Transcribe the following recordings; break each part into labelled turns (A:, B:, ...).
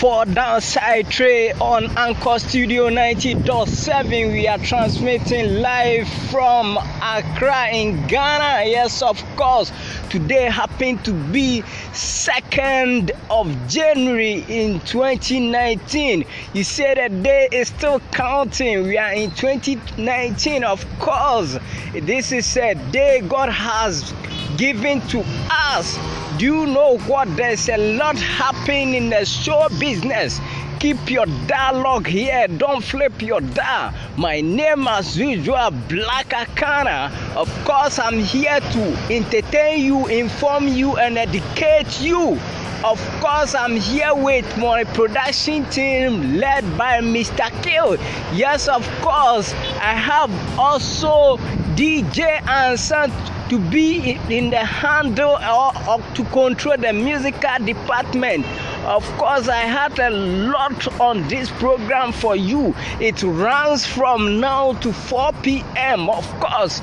A: for Downside Trade on Anchor Studio 90.7. We are transmitting live from Accra in Ghana. Yes, of course. Today happened to be 2nd of January in 2019. You say the day is still counting. We are in 2019, of course. This is a day God has given to us Do you know what? There's a lot happening in the show business. Keep your dialogue here. Don't flip your dial. My name, as usual, Black Akana. Of course, I'm here to entertain you, inform you, and educate you. Of course, I'm here with my production team led by Mr. Kill. Yes, of course, I have also DJ and sound to be in the handle or, or, to control the musical department. Of course, I had a lot on this program for you. It runs from now to 4 p.m. Of course,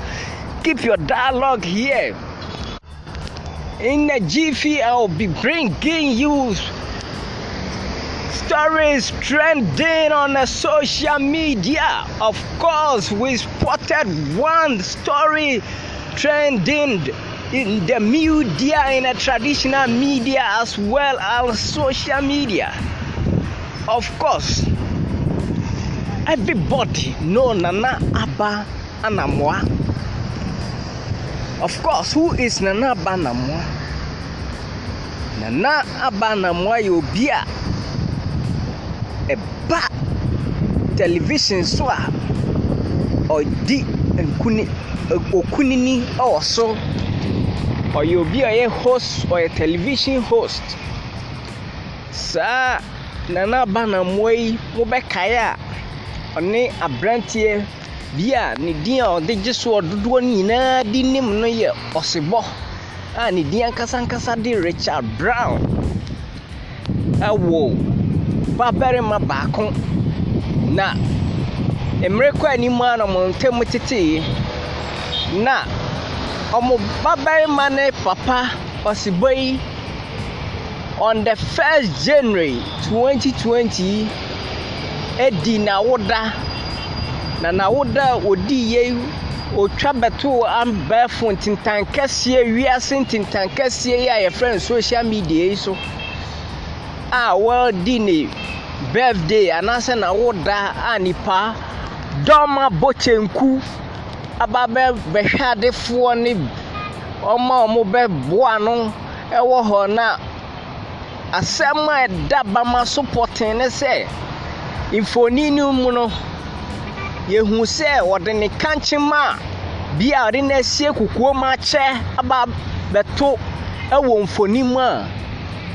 A: keep your dialogue here. In the jiffy, I'll be bringing you stories trending on the social media. Of course, we spotted one story trending in the media, in the traditional media as well as social media. Of course, everybody know Nana Abba Anamwa. Of course, who is Nana Abba Anamwa? Nana Abba Anamwa Yobia. ɛba television so a ɔdi nkuni okunini ɛwɔ so ɔyɛ obi a ɔyɛ host ɔyɛ television host saa nana abanamoa yi mobɛkae a ɔne aberanteɛ bi a ne din a ɔde gye so ɔdodoɔ no nyinaa de nim no yɛ ɔsebɔ a ne din ankasa ankasa de richard brown ɛwɔ. babarima baako na mmerɛ kɔ anim a na wɔn ntam yi, na wɔn babarima ne papa ɔsebɔ yi on the first january 2020 edi n'awoda na n'awoda a odi yie otwa bɛtoo abɛɛfo ntintan kɛseɛ wiase ntintan kɛseɛ yi a yɛfrɛ no social media yi so. a wɔredi ne birthday anaasɛ n'awoda a nipa dɔm abɔ kyenku aba bɛhwɛ adefoɔ ne ɔmo a ɔmo bɛboa no ɛwɔ hɔ na asɛm a ɛda bama so pɔtee ne sɛ mfonin no mu no yɛhu sɛ wɔde ne kankyema a bi a ɔde no asie kukuo ma akyɛ aba bɛto ɛwɔ mfonin mu a.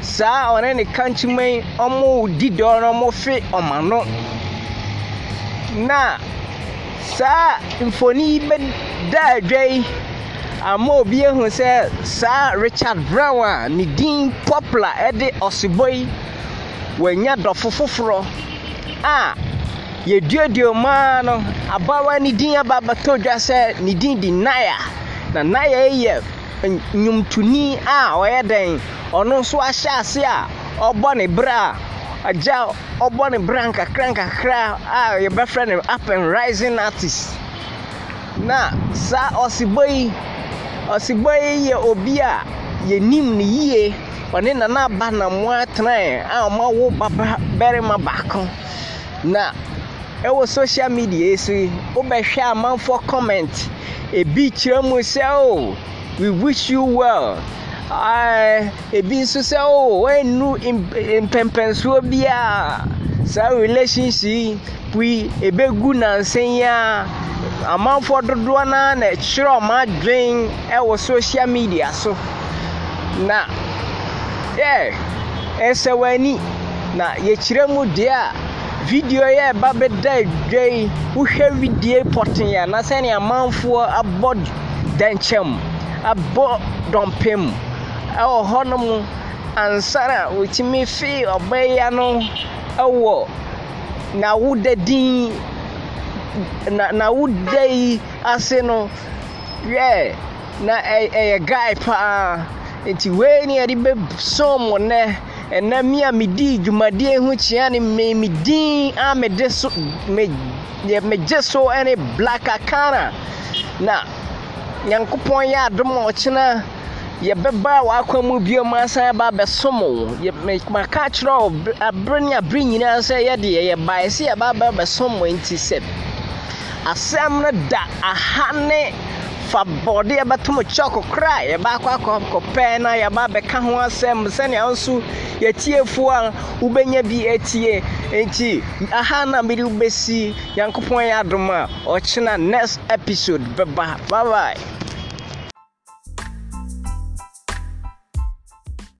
A: saa ɔne ne kankyemɛn ɔmo di dɔ no ɔmo fe ɔmo ano na saa mfoni yi bɛda adwa yi ama obi ehu sɛ saa richard brown a ne din popular ɛde ɔsebɔ yi wanya dɔfo foforɔ a yɛduaduo maa no abawa ne din aba abɛtɔ dwa sɛ ne din de naya na naya yi yɛ nnwomtoni a ɔyɛ dɛn ɔno nso ahyɛ ase a ɔbɔ ne bra a agya ɔbɔ ne bra nkakra nkakra a yɛbɛfrɛ no up and rising artist na saa ɔsibɔ yi ɔsibɔ yi yɛ obi a yɛnim ne yie ɔne nana aba na mmoa tenae a ɔmawo baba barima baako na ɛwɔ social media yi so yi wobɛhwɛ amanfoɔ comment ebi kyerɛ mu sɛ o oh, we wish you well ebi nso sɛ o oh, wɔanu mpɛmpɛnsoɔ bi a saa relationship yi ebegu nansen yi a amanfoɔ dodoɔ naa na ɛkyerɛ ɔmo adwen ɛwɔ social media so na yɛ ɛsɛ w'ani na yɛkyerɛ mu deɛ a video yɛ ɛba bɛda adwa yi wohwɛ video pɔtee a na sɛnea amanfoɔ abɔ dɛnkyɛm abɔ dɔmpem wɔ hɔnom ansa na wɔtumi fee ɔbaa no wɔ n'awoda din na n'awoda yi ase no yɛ na ɛyɛ guy paa nti wei ne yɛde bɛsom mo nnɛ ɛnɛ mi a medii dwumadie ho kyia ne me me din a mede so me megye so ne black akana na nyankopɔn yɛ adom a ɔkyena yɛbɛba w'akwan mu bio ma asan aba abɛsom wo maka akyerɛ wo abere ne abere nyinaa sɛ yɛde yɛyɛ sɛ yɛba aba abɛsom wo nti sɛ asɛm no da aha ne fa bɔɔdeɛ bɛtom kyɔko kora a yɛba akɔ akɔkɔpɛɛ na yɛba bɛka ho asɛm sɛnea nso yɛtiefoɔ a wobɛnya bi atie nti aha na mede wobɛsi nyankopɔn yɛ adom a ɔkyena next episode bɛba bye bye